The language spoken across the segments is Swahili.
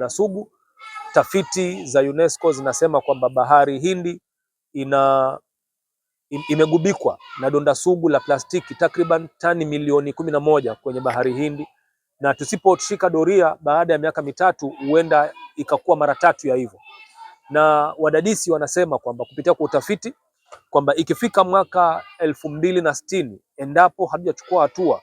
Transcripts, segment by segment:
na sugu. Tafiti za UNESCO zinasema kwamba bahari Hindi ina imegubikwa na donda sugu la plastiki takriban tani milioni kumi na moja kwenye bahari Hindi, na tusiposhika doria, baada ya miaka mitatu huenda ikakuwa mara tatu ya hivyo. Na wadadisi wanasema kwamba kupitia kwa utafiti kwamba ikifika mwaka elfu mbili na sitini endapo hatujachukua hatua,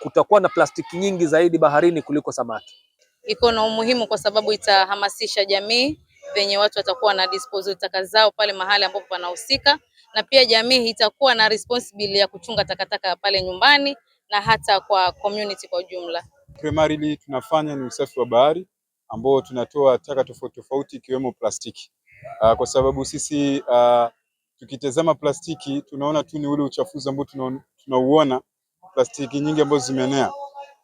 kutakuwa na plastiki nyingi zaidi baharini kuliko samaki iko na umuhimu kwa sababu itahamasisha jamii venye watu watakuwa na disposal taka zao pale mahali ambapo panahusika, na pia jamii itakuwa na responsibility ya kuchunga takataka pale nyumbani na hata kwa community kwa ujumla. Primarily tunafanya ni usafi wa bahari ambao tunatoa taka tofauti tofauti ikiwemo plastiki. Uh, kwa sababu sisi uh, tukitazama plastiki tunaona tu ni ule uchafuzi ambao tunauona, plastiki nyingi ambazo zimeenea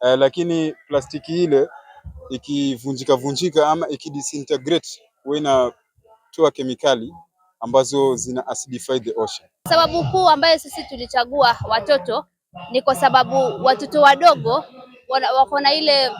uh, lakini plastiki ile ikivunjika vunjika ama ikidisintegrate huwa inatoa kemikali ambazo zina acidify the ocean. Sababu kuu ambayo sisi tulichagua watoto ni kwa sababu watoto wadogo wako na ile,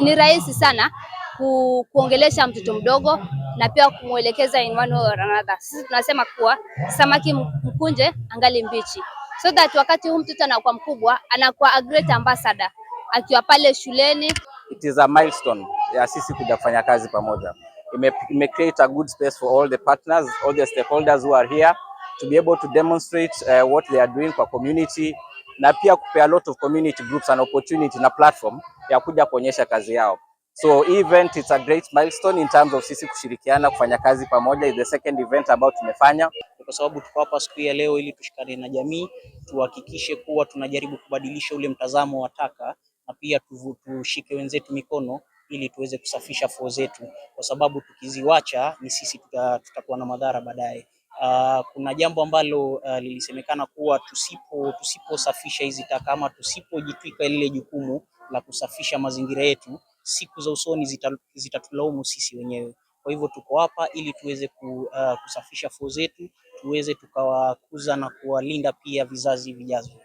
ni rahisi sana ku, kuongelesha mtoto mdogo na pia kumwelekeza in one way or another. Sisi tunasema kuwa samaki mkunje angali mbichi, so that wakati huu mtoto anakuwa mkubwa anakuwa a great ambassador akiwa pale shuleni. It is a milestone ya sisi kuja kufanya kazi pamoja. Ime, create a good space for all the partners, all the stakeholders who are here to be able to demonstrate uh, what they are doing kwa community na pia kupea lot of community groups an opportunity na platform ya kuja kuonyesha kazi yao. So event it's a great milestone in terms of sisi kushirikiana kufanya kazi pamoja, is the second event ambayo tumefanya kwa sababu tuko hapa siku ya leo ili tushikane na jamii, tuhakikishe kuwa tunajaribu kubadilisha ule mtazamo wa taka pia tushike wenzetu mikono ili tuweze kusafisha foo zetu, kwa sababu tukiziwacha ni sisi tutakuwa na madhara baadaye. Uh, kuna jambo ambalo uh, lilisemekana kuwa tusipo tusiposafisha hizi taka ama tusipojitwika lile jukumu la kusafisha mazingira yetu, siku za usoni zitatulaumu zita sisi wenyewe. Kwa hivyo tuko hapa ili tuweze ku, uh, kusafisha foo zetu tuweze tukawakuza na kuwalinda pia vizazi vijazo